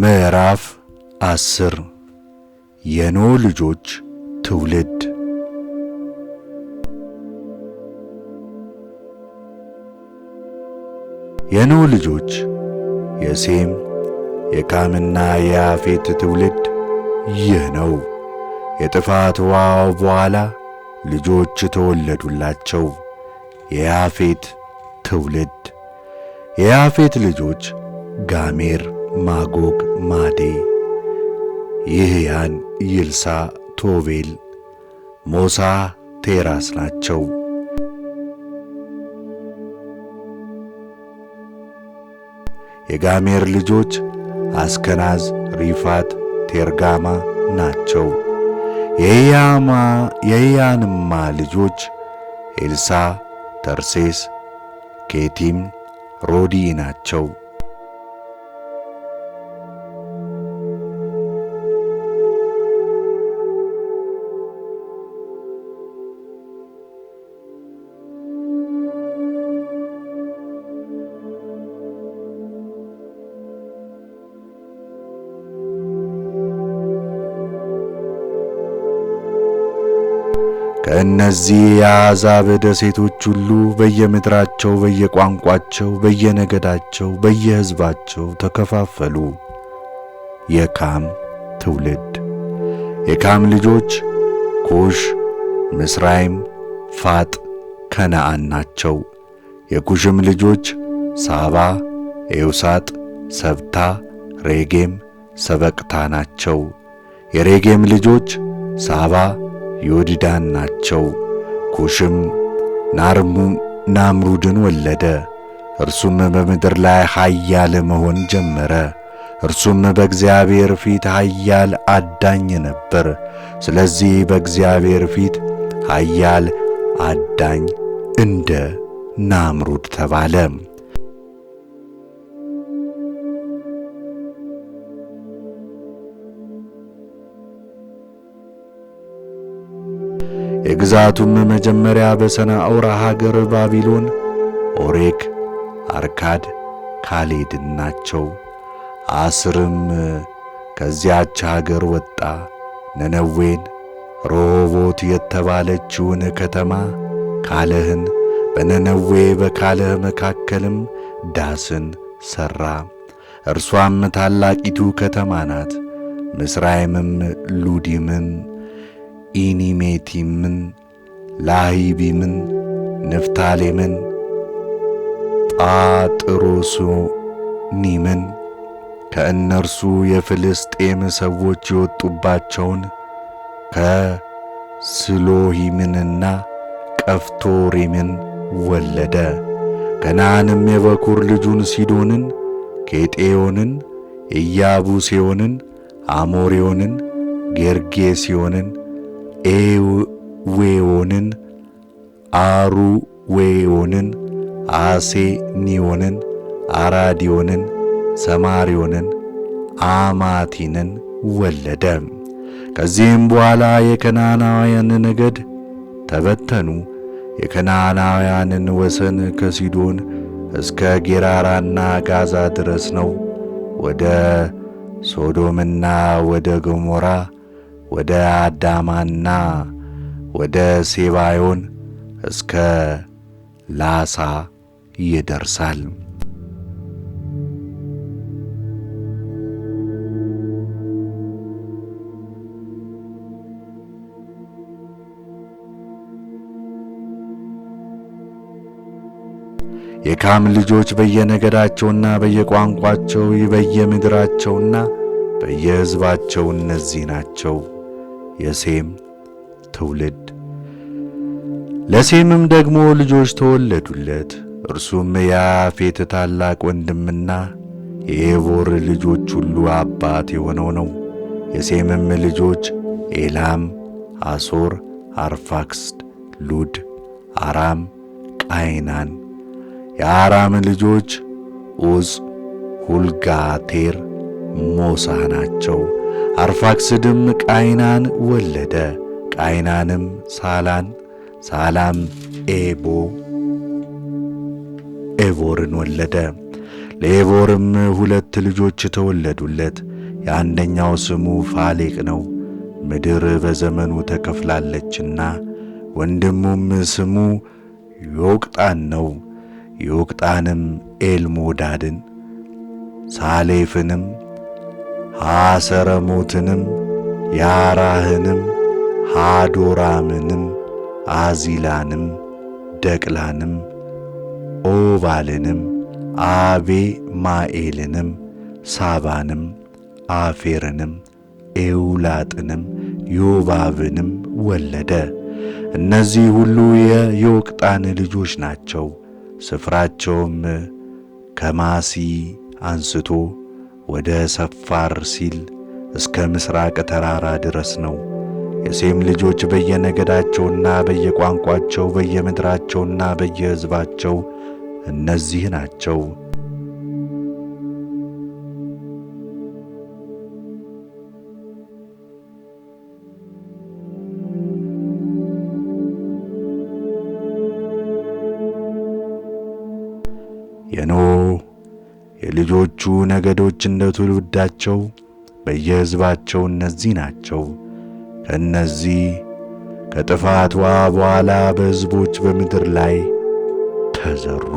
ምዕራፍ አስር የኖ ልጆች ትውልድ። የኖ ልጆች የሴም የካምና የያፌት ትውልድ ይህ ነው። የጥፋት ውኃው በኋላ ልጆች ተወለዱላቸው። የያፌት ትውልድ የያፌት ልጆች ጋሜር ማጎግ፣ ማዴ፣ ይህያን፣ ይልሳ፣ ቶቤል፣ ሞሳ፣ ቴራስ ናቸው። የጋሜር ልጆች አስከናዝ፣ ሪፋት፣ ቴርጋማ ናቸው። የያንማ ልጆች ኤልሳ፣ ተርሴስ፣ ኬቲም፣ ሮዲ ናቸው። ከእነዚህ የአሕዛብ ደሴቶች ሁሉ በየምድራቸው፣ በየቋንቋቸው፣ በየነገዳቸው፣ በየሕዝባቸው ተከፋፈሉ። የካም ትውልድ የካም ልጆች ኩሽ፣ ምስራይም፣ ፋጥ፣ ከነአን ናቸው። የኩሽም ልጆች ሳባ፣ ኤውሳጥ፣ ሰብታ፣ ሬጌም፣ ሰበቅታ ናቸው። የሬጌም ልጆች ሳባ ዮድዳን ናቸው። ኩሽም ናርሙ ናምሩድን ወለደ። እርሱም በምድር ላይ ኃያል መሆን ጀመረ። እርሱም በእግዚአብሔር ፊት ኃያል አዳኝ ነበር። ስለዚህ በእግዚአብሔር ፊት ኃያል አዳኝ እንደ ናምሩድ ተባለ። የግዛቱም መጀመሪያ በሰናዖር ሀገር ባቢሎን፣ ኦሬክ፣ አርካድ፣ ካሌድ ናቸው። አስርም ከዚያች ሀገር ወጣ። ነነዌን፣ ሮሆቦት የተባለችውን ከተማ፣ ካለህን፣ በነነዌ በካለህ መካከልም ዳስን ሠራ። እርሷም ታላቂቱ ከተማ ናት። ምስራይምም ሉዲምን ኢኒሜቲምን፣ ላሂቢምን፣ ንፍታሌምን፣ ጳጥሮሱኒምን ከእነርሱ የፍልስጤም ሰዎች የወጡባቸውን ከስሎሂምንና ቀፍቶሪምን ወለደ። ከነዓንም የበኩር ልጁን ሲዶንን፣ ኬጤዮንን፣ ኢያቡሴዮንን፣ አሞሬዮንን፣ ጌርጌሲዮንን ኤዌዎንን፣ አሩዌዎንን፣ አሴኒዮንን፣ አራዲዮንን፣ ሰማሪዮንን፣ አማቲንን ወለደ። ከዚህም በኋላ የከናናውያን ነገድ ተበተኑ። የከናናውያንን ወሰን ከሲዶን እስከ ጌራራና ጋዛ ድረስ ነው። ወደ ሶዶምና ወደ ገሞራ ወደ አዳማና ወደ ሴባዮን እስከ ላሳ ይደርሳል። የካም ልጆች በየነገዳቸውና በየቋንቋቸው በየምድራቸውና በየሕዝባቸው እነዚህ ናቸው። የሴም ትውልድ ለሴምም ደግሞ ልጆች ተወለዱለት። እርሱም የያፌት ታላቅ ወንድምና የኤቮር ልጆች ሁሉ አባት የሆነው ነው። የሴምም ልጆች ኤላም፣ አሶር፣ አርፋክስድ፣ ሉድ፣ አራም፣ ቃይናን። የአራም ልጆች ኡዝ፣ ሁልጋቴር፣ ሞሳ ናቸው። አርፋክስድም ቃይናን ወለደ። ቃይናንም ሳላን፣ ሳላም ኤቦ ኤቦርን ወለደ። ለኤቦርም ሁለት ልጆች ተወለዱለት። የአንደኛው ስሙ ፋሌቅ ነው፣ ምድር በዘመኑ ተከፍላለችና። ወንድሙም ስሙ ዮቅጣን ነው። ዮቅጣንም ኤልሞዳድን ሳሌፍንም ሐሰረሞትንም ያራህንም ሃዶራምንም አዚላንም ደቅላንም ኦባልንም አቤ ማኤልንም ሳባንም አፌርንም ኤውላጥንም ዮባብንም ወለደ። እነዚህ ሁሉ የዮቅጣን ልጆች ናቸው። ስፍራቸውም ከማሲ አንስቶ ወደ ሰፋር ሲል እስከ ምስራቅ ተራራ ድረስ ነው። የሴም ልጆች በየነገዳቸውና በየቋንቋቸው በየምድራቸውና በየሕዝባቸው እነዚህ ናቸው። የኖ የልጆቹ ነገዶች እንደ ትውልዳቸው በየሕዝባቸው እነዚህ ናቸው። ከእነዚህ ከጥፋትዋ በኋላ በሕዝቦች በምድር ላይ ተዘሩ።